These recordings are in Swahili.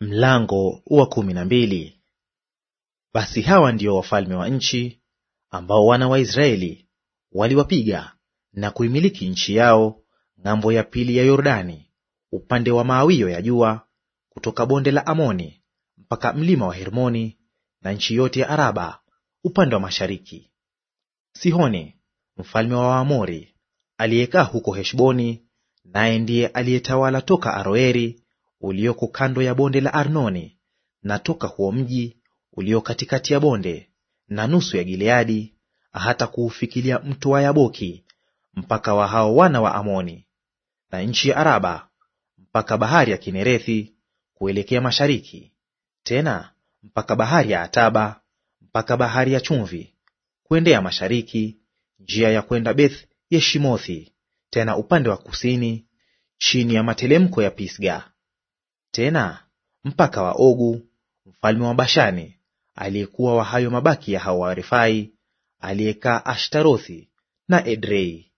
Mlango wa kumi na mbili. Basi hawa ndio wafalme wa nchi ambao wana wa Israeli waliwapiga na kuimiliki nchi yao ng'ambo ya pili ya Yordani upande wa maawio ya jua kutoka bonde la Amoni mpaka mlima wa Hermoni na nchi yote ya Araba upande wa mashariki. Sihoni mfalme wa Waamori aliyekaa huko Heshboni, naye ndiye aliyetawala toka Aroeri ulioko kando ya bonde la Arnoni, na toka huo mji ulio katikati ya bonde na nusu ya Gileadi, hata kuufikilia mto wa Yaboki mpaka wa hao wana wa Amoni, na nchi ya Araba mpaka bahari ya Kinerethi kuelekea mashariki, tena mpaka bahari ya Ataba mpaka bahari ya chumvi kuendea mashariki, njia ya kwenda Beth Yeshimothi, tena upande wa kusini chini ya matelemko ya Pisga tena mpaka wa Ogu mfalme wa Bashani, aliyekuwa wa hayo mabaki ya hao Warefai, aliyekaa Ashtarothi na Edrei,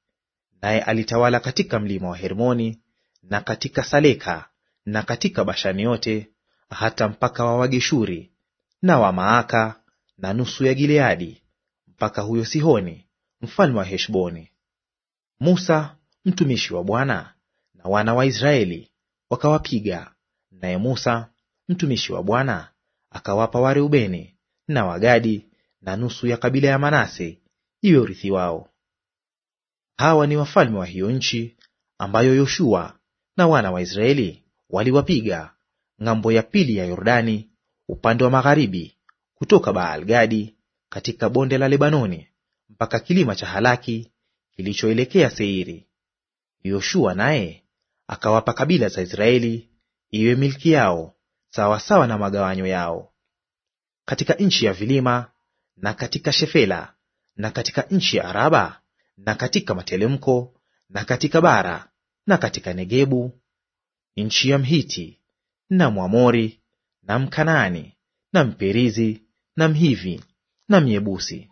naye alitawala katika mlima wa Hermoni na katika Saleka na katika Bashani yote hata mpaka wa Wageshuri na wa Maaka na nusu ya Gileadi mpaka huyo Sihoni mfalme wa Heshboni. Musa mtumishi wa Bwana na wana wa Israeli wakawapiga Naye Musa mtumishi wa Bwana akawapa Wareubeni na Wagadi na nusu ya kabila ya Manase iwe urithi wao. Hawa ni wafalme wa hiyo nchi ambayo Yoshua na wana wa Israeli waliwapiga ng'ambo ya pili ya Yordani upande wa magharibi, kutoka Baal-Gadi katika bonde la Lebanoni mpaka kilima cha Halaki kilichoelekea Seiri. Yoshua naye akawapa kabila za Israeli iwe milki yao sawasawa na magawanyo yao, katika nchi ya vilima na katika Shefela na katika nchi ya Araba na katika matelemko na katika bara na katika Negebu, nchi ya Mhiti na Mwamori na Mkanaani na Mperizi na Mhivi na Myebusi.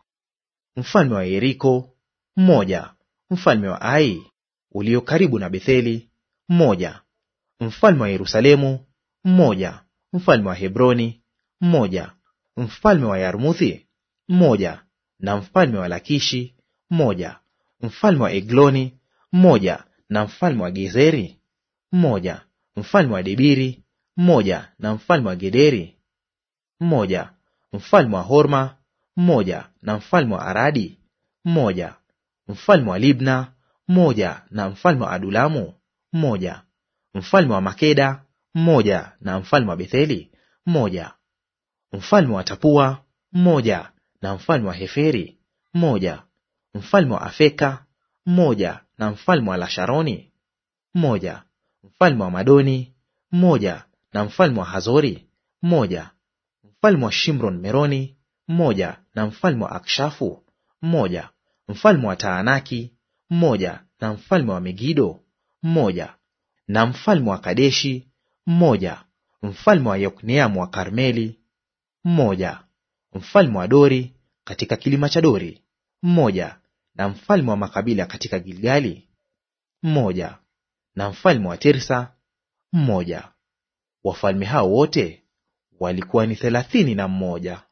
Mfalme wa Yeriko mmoja. Mfalme wa Ai ulio karibu na Betheli mmoja mfalme wa Yerusalemu mmoja, mfalme wa Hebroni mmoja, mfalme wa Yarmuthi mmoja, na mfalme wa Lakishi mmoja, mfalme wa Egloni mmoja, na mfalme wa Gezeri mmoja, mfalme wa Debiri mmoja, na mfalme wa Gederi mmoja, mfalme wa Horma mmoja, na mfalme wa Aradi mmoja, mfalme wa Libna mmoja, na mfalme wa Adulamu mmoja, mfalme wa Makeda mmoja, na mfalme wa Betheli mmoja, mfalme wa Tapua mmoja, na mfalme wa Heferi mmoja, mfalme wa Afeka mmoja, na mfalme wa Lasharoni mmoja, mfalme wa Madoni mmoja, na mfalme wa Hazori mmoja, mfalme wa Shimron Meroni mmoja, na mfalme wa Akshafu mmoja, mfalme wa Taanaki mmoja, na mfalme wa Megido mmoja, na mfalme wa Kadeshi mmoja, mfalme wa Yokneamu wa Karmeli mmoja, mfalme wa Dori katika kilima cha Dori mmoja, na mfalme wa makabila katika Gilgali mmoja, na mfalme wa Tirsa mmoja. Wafalme hao wote walikuwa ni thelathini na mmoja.